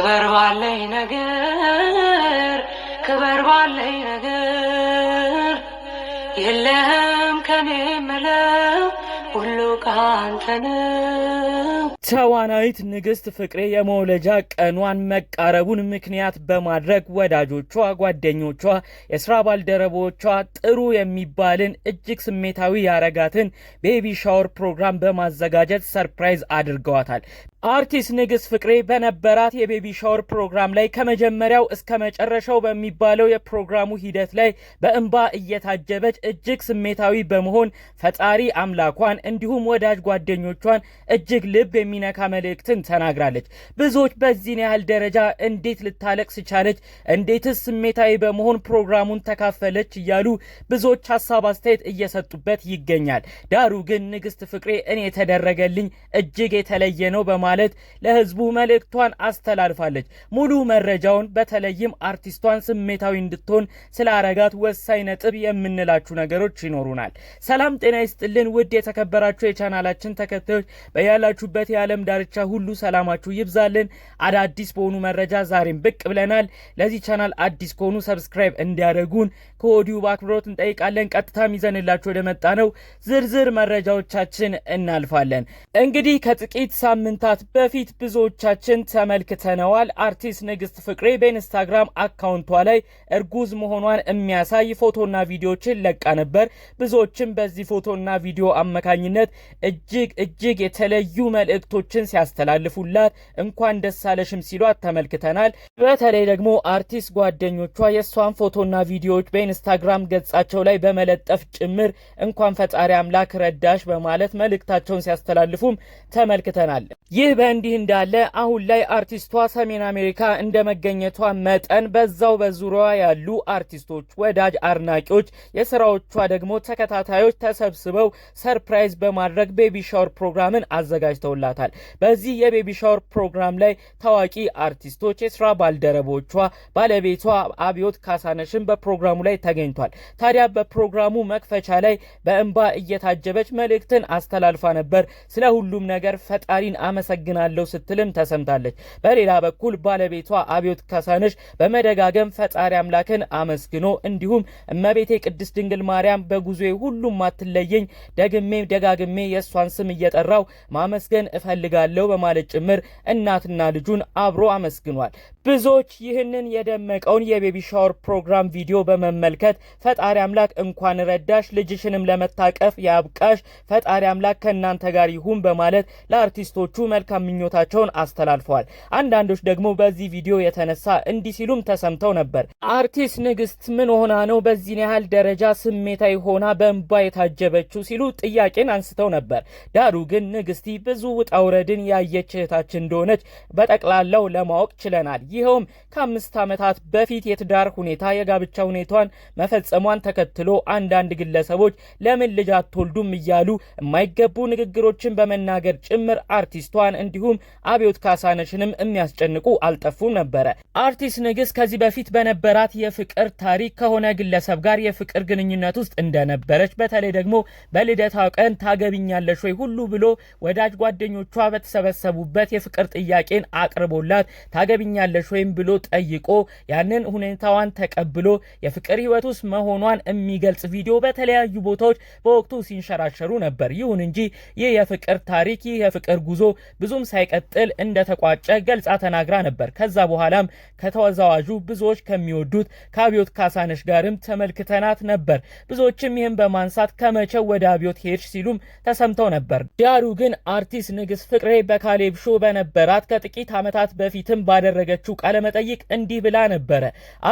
ክበር ባለኝ ነገር ክበር ባለኝ ነገር የለህም ከኔ መለው ሁሉ ከአንተ ተዋናዊት ንግስት ፍቅሬ የመውለጃ ቀኗን መቃረቡን ምክንያት በማድረግ ወዳጆቿ፣ ጓደኞቿ፣ የስራ ባልደረቦቿ ጥሩ የሚባልን እጅግ ስሜታዊ ያረጋትን ቤቢ ሻወር ፕሮግራም በማዘጋጀት ሰርፕራይዝ አድርገዋታል። አርቲስት ንግስት ፍቅሬ በነበራት የቤቢ ሻወር ፕሮግራም ላይ ከመጀመሪያው እስከ መጨረሻው በሚባለው የፕሮግራሙ ሂደት ላይ በእንባ እየታጀበች እጅግ ስሜታዊ በመሆን ፈጣሪ አምላኳን እንዲሁም ወዳጅ ጓደኞቿን እጅግ ልብ የሚነካ መልእክትን ተናግራለች። ብዙዎች በዚህን ያህል ደረጃ እንዴት ልታለቅስ ቻለች? እንዴትስ ስሜታዊ በመሆን ፕሮግራሙን ተካፈለች? እያሉ ብዙዎች ሀሳብ፣ አስተያየት እየሰጡበት ይገኛል። ዳሩ ግን ንግስት ፍቅሬ እኔ የተደረገልኝ እጅግ የተለየ ነው በማ በማለት ለህዝቡ መልእክቷን አስተላልፋለች። ሙሉ መረጃውን በተለይም አርቲስቷን ስሜታዊ እንድትሆን ስለ አረጋት ወሳኝ ነጥብ የምንላችሁ ነገሮች ይኖሩናል። ሰላም ጤና ይስጥልን ውድ የተከበራችሁ የቻናላችን ተከታዮች በያላችሁበት የዓለም ዳርቻ ሁሉ ሰላማችሁ ይብዛልን። አዳዲስ በሆኑ መረጃ ዛሬም ብቅ ብለናል። ለዚህ ቻናል አዲስ ከሆኑ ሰብስክራይብ እንዲያደርጉን ከወዲሁ በአክብሮት እንጠይቃለን። ቀጥታም ይዘንላችሁ ወደመጣ ነው ዝርዝር መረጃዎቻችን እናልፋለን። እንግዲህ ከጥቂት ሳምንታት ከወራት በፊት ብዙዎቻችን ተመልክተነዋል። አርቲስት ንግስት ፍቅሬ በኢንስታግራም አካውንቷ ላይ እርጉዝ መሆኗን የሚያሳይ ፎቶና ቪዲዮችን ለቃ ነበር። ብዙዎችም በዚህ ፎቶና ቪዲዮ አማካኝነት እጅግ እጅግ የተለዩ መልእክቶችን ሲያስተላልፉላት እንኳን ደስ አለሽም ሲሏት ተመልክተናል። በተለይ ደግሞ አርቲስት ጓደኞቿ የእሷን ፎቶና ቪዲዮዎች በኢንስታግራም ገጻቸው ላይ በመለጠፍ ጭምር እንኳን ፈጣሪ አምላክ ረዳሽ በማለት መልእክታቸውን ሲያስተላልፉም ተመልክተናል። ይህ ይህ በእንዲህ እንዳለ አሁን ላይ አርቲስቷ ሰሜን አሜሪካ እንደ መገኘቷ መጠን በዛው በዙሪያዋ ያሉ አርቲስቶች፣ ወዳጅ አድናቂዎች፣ የስራዎቿ ደግሞ ተከታታዮች ተሰብስበው ሰርፕራይዝ በማድረግ ቤቢ ሻወር ፕሮግራምን አዘጋጅተውላታል። በዚህ የቤቢ ሻወር ፕሮግራም ላይ ታዋቂ አርቲስቶች፣ የስራ ባልደረቦቿ፣ ባለቤቷ አብዮት ካሳነሽን በፕሮግራሙ ላይ ተገኝቷል። ታዲያ በፕሮግራሙ መክፈቻ ላይ በእንባ እየታጀበች መልእክትን አስተላልፋ ነበር። ስለ ሁሉም ነገር ፈጣሪን አመሰግ አመሰግናለሁ ስትልም ተሰምታለች። በሌላ በኩል ባለቤቷ አብዮት ካሳነሽ በመደጋገም ፈጣሪ አምላክን አመስግኖ እንዲሁም እመቤቴ ቅድስት ድንግል ማርያም በጉዞዬ ሁሉም አትለየኝ፣ ደግሜ ደጋግሜ የእሷን ስም እየጠራው ማመስገን እፈልጋለሁ በማለት ጭምር እናትና ልጁን አብሮ አመስግኗል። ብዙዎች ይህንን የደመቀውን የቤቢ ሻወር ፕሮግራም ቪዲዮ በመመልከት ፈጣሪ አምላክ እንኳን ረዳሽ፣ ልጅሽንም ለመታቀፍ ያብቃሽ፣ ፈጣሪ አምላክ ከእናንተ ጋር ይሁን በማለት ለአርቲስቶቹ መልክ መልካም ምኞታቸውን አስተላልፈዋል። አንዳንዶች ደግሞ በዚህ ቪዲዮ የተነሳ እንዲህ ሲሉም ተሰምተው ነበር። አርቲስት ንግስት ምን ሆና ነው በዚህን ያህል ደረጃ ስሜታዊ ሆና በእንባ የታጀበችው ሲሉ ጥያቄን አንስተው ነበር። ዳሩ ግን ንግስቲ ብዙ ውጣ ውረድን ያየች እህታችን እንደሆነች በጠቅላላው ለማወቅ ችለናል። ይኸውም ከአምስት ዓመታት በፊት የትዳር ሁኔታ የጋብቻ ሁኔታዋን መፈጸሟን ተከትሎ አንዳንድ ግለሰቦች ለምን ልጅ አትወልዱም እያሉ የማይገቡ ንግግሮችን በመናገር ጭምር አርቲስቷን እንዲሁም አብዮት ካሳነሽንም የሚያስጨንቁ አልጠፉም ነበረ። አርቲስት ንግስት ከዚህ በፊት በነበራት የፍቅር ታሪክ ከሆነ ግለሰብ ጋር የፍቅር ግንኙነት ውስጥ እንደነበረች በተለይ ደግሞ በልደታው ቀን ታገቢኛለሽ ወይ ሁሉ ብሎ ወዳጅ ጓደኞቿ በተሰበሰቡበት የፍቅር ጥያቄን አቅርቦላት ታገቢኛለሽ ወይም ብሎ ጠይቆ ያንን ሁኔታዋን ተቀብሎ የፍቅር ህይወት ውስጥ መሆኗን የሚገልጽ ቪዲዮ በተለያዩ ቦታዎች በወቅቱ ሲንሸራሸሩ ነበር። ይሁን እንጂ ይህ የፍቅር ታሪክ ይህ የፍቅር ጉዞ ብዙም ሳይቀጥል እንደተቋጨ ገልጻ ተናግራ ነበር። ከዛ በኋላም ከተወዛዋዡ ብዙዎች ከሚወዱት ከአብዮት ካሳነሽ ጋርም ተመልክተናት ነበር። ብዙዎችም ይህን በማንሳት ከመቼው ወደ አብዮት ሄድሽ ሲሉም ተሰምተው ነበር። ዳሩ ግን አርቲስት ንግስት ፍቅሬ በካሌብ ሾ በነበራት ከጥቂት ዓመታት በፊትም ባደረገችው ቃለመጠይቅ እንዲህ ብላ ነበረ።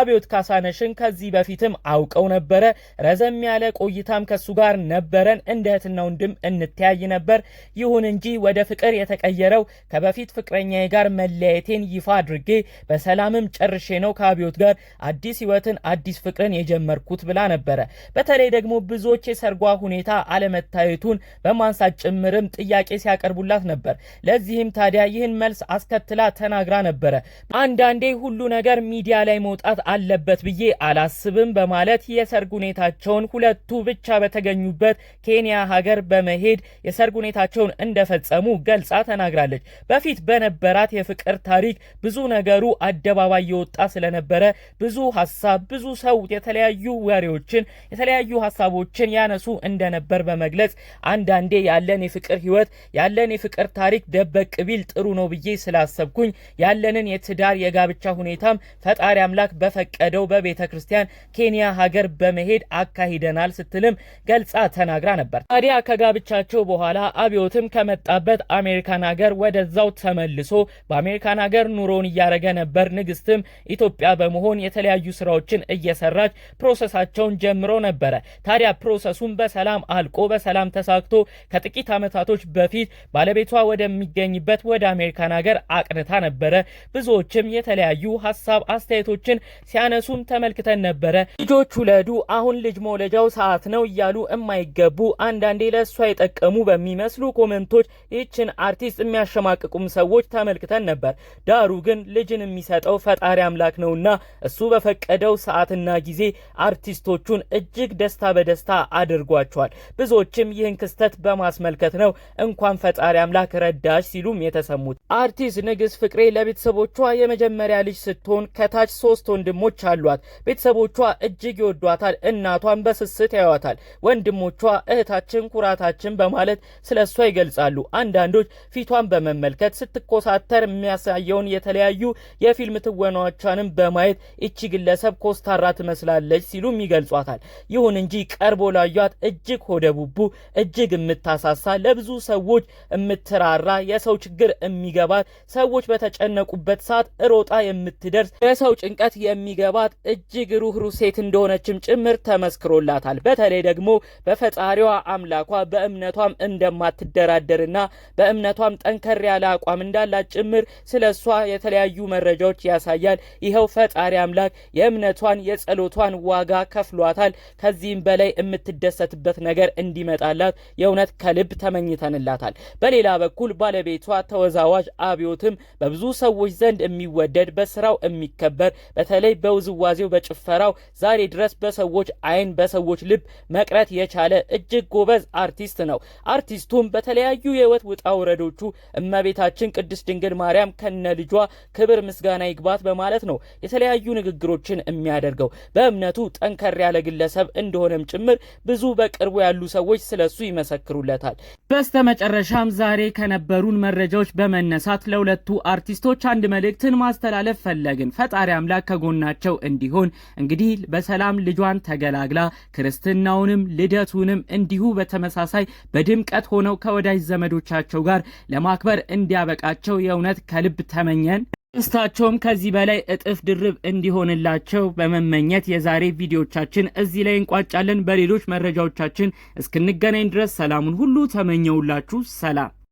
አብዮት ካሳነሽን ከዚህ በፊትም አውቀው ነበረ። ረዘም ያለ ቆይታም ከሱ ጋር ነበረን። እንደ እህትና ወንድም እንተያይ ነበር። ይሁን እንጂ ወደ ፍቅር የተቀየ የተቀየረው ከበፊት ፍቅረኛዬ ጋር መለያየቴን ይፋ አድርጌ በሰላምም ጨርሼ ነው ከአብዮት ጋር አዲስ ህይወትን አዲስ ፍቅርን የጀመርኩት ብላ ነበረ። በተለይ ደግሞ ብዙዎች የሰርጓ ሁኔታ አለመታየቱን በማንሳት ጭምርም ጥያቄ ሲያቀርቡላት ነበር። ለዚህም ታዲያ ይህን መልስ አስከትላ ተናግራ ነበረ። አንዳንዴ ሁሉ ነገር ሚዲያ ላይ መውጣት አለበት ብዬ አላስብም በማለት የሰርግ ሁኔታቸውን ሁለቱ ብቻ በተገኙበት ኬንያ ሀገር በመሄድ የሰርግ ሁኔታቸውን እንደፈጸሙ ገልጻ ተናግራ ተናግራለች። በፊት በነበራት የፍቅር ታሪክ ብዙ ነገሩ አደባባይ የወጣ ስለነበረ ብዙ ሀሳብ ብዙ ሰው የተለያዩ ወሬዎችን የተለያዩ ሀሳቦችን ያነሱ እንደነበር በመግለጽ አንዳንዴ ያለን የፍቅር ህይወት ያለን የፍቅር ታሪክ ደበቅ ቢል ጥሩ ነው ብዬ ስላሰብኩኝ ያለንን የትዳር የጋብቻ ሁኔታም ፈጣሪ አምላክ በፈቀደው በቤተ ክርስቲያን ኬንያ ሀገር በመሄድ አካሂደናል ስትልም ገልጻ ተናግራ ነበር። ታዲያ ከጋብቻቸው በኋላ አብዮትም ከመጣበት አሜሪካን ሀገር ወደዛው ተመልሶ በአሜሪካን ሀገር ኑሮውን እያደረገ ነበር። ንግስትም ኢትዮጵያ በመሆን የተለያዩ ስራዎችን እየሰራች ፕሮሰሳቸውን ጀምሮ ነበረ። ታዲያ ፕሮሰሱን በሰላም አልቆ በሰላም ተሳክቶ ከጥቂት ዓመታቶች በፊት ባለቤቷ ወደሚገኝበት ወደ አሜሪካን ሀገር አቅንታ ነበረ። ብዙዎችም የተለያዩ ሀሳብ አስተያየቶችን ሲያነሱም ተመልክተን ነበረ። ልጆች ውለዱ፣ አሁን ልጅ መውለጃው ሰዓት ነው እያሉ የማይገቡ አንዳንዴ ለእሷ የጠቀሙ በሚመስሉ ኮመንቶች ይህችን አርቲስት የሚያሸማቅቁም ሰዎች ተመልክተን ነበር። ዳሩ ግን ልጅን የሚሰጠው ፈጣሪ አምላክ ነውና እሱ በፈቀደው ሰዓትና ጊዜ አርቲስቶቹን እጅግ ደስታ በደስታ አድርጓቸዋል። ብዙዎችም ይህን ክስተት በማስመልከት ነው እንኳን ፈጣሪ አምላክ ረዳሽ ሲሉም የተሰሙት። አርቲስት ንግስት ፍቅሬ ለቤተሰቦቿ የመጀመሪያ ልጅ ስትሆን ከታች ሶስት ወንድሞች አሏት። ቤተሰቦቿ እጅግ ይወዷታል፣ እናቷን በስስት ያዩዋታል። ወንድሞቿ እህታችን ኩራታችን በማለት ስለ እሷ ይገልጻሉ። አንዳንዶች ፊቷ ጥረቷን በመመልከት ስትኮሳተር የሚያሳየውን የተለያዩ የፊልም ትወናዎቿንም በማየት እቺ ግለሰብ ኮስታራ ትመስላለች ሲሉም ይገልጿታል። ይሁን እንጂ ቀርቦ ላዩት እጅግ ሆደቡቡ፣ እጅግ የምታሳሳ፣ ለብዙ ሰዎች የምትራራ፣ የሰው ችግር የሚገባት፣ ሰዎች በተጨነቁበት ሰዓት ሮጣ የምትደርስ፣ የሰው ጭንቀት የሚገባት እጅግ ሩህሩህ ሴት እንደሆነችም ጭምር ተመስክሮላታል። በተለይ ደግሞ በፈጣሪዋ አምላኳ በእምነቷም እንደማትደራደርና በእምነቷም ጠንከር ያለ አቋም እንዳላት ጭምር ስለ እሷ የተለያዩ መረጃዎች ያሳያል። ይኸው ፈጣሪ አምላክ የእምነቷን የጸሎቷን ዋጋ ከፍሏታል። ከዚህም በላይ የምትደሰትበት ነገር እንዲመጣላት የእውነት ከልብ ተመኝተንላታል። በሌላ በኩል ባለቤቷ ተወዛዋዥ አብዮትም በብዙ ሰዎች ዘንድ የሚወደድ በስራው የሚከበር በተለይ በውዝዋዜው በጭፈራው ዛሬ ድረስ በሰዎች አይን በሰዎች ልብ መቅረት የቻለ እጅግ ጎበዝ አርቲስት ነው። አርቲስቱም በተለያዩ የህይወት ውጣ ውረዶቹ እመቤታችን ቅድስት ድንግል ማርያም ከነ ልጇ ክብር ምስጋና ይግባት በማለት ነው የተለያዩ ንግግሮችን የሚያደርገው። በእምነቱ ጠንከር ያለ ግለሰብ እንደሆነም ጭምር ብዙ በቅርቡ ያሉ ሰዎች ስለሱ ይመሰክሩለታል። በስተ መጨረሻም ዛሬ ከነበሩን መረጃዎች በመነሳት ለሁለቱ አርቲስቶች አንድ መልእክትን ማስተላለፍ ፈለግን። ፈጣሪ አምላክ ከጎናቸው እንዲሆን እንግዲህ በሰላም ልጇን ተገላግላ ክርስትናውንም ልደቱንም እንዲሁ በተመሳሳይ በድምቀት ሆነው ከወዳጅ ዘመዶቻቸው ጋር ለማክበር እንዲያበቃቸው የእውነት ከልብ ተመኘን። ደስታቸውም ከዚህ በላይ እጥፍ ድርብ እንዲሆንላቸው በመመኘት የዛሬ ቪዲዮቻችን እዚህ ላይ እንቋጫለን። በሌሎች መረጃዎቻችን እስክንገናኝ ድረስ ሰላሙን ሁሉ ተመኘውላችሁ። ሰላም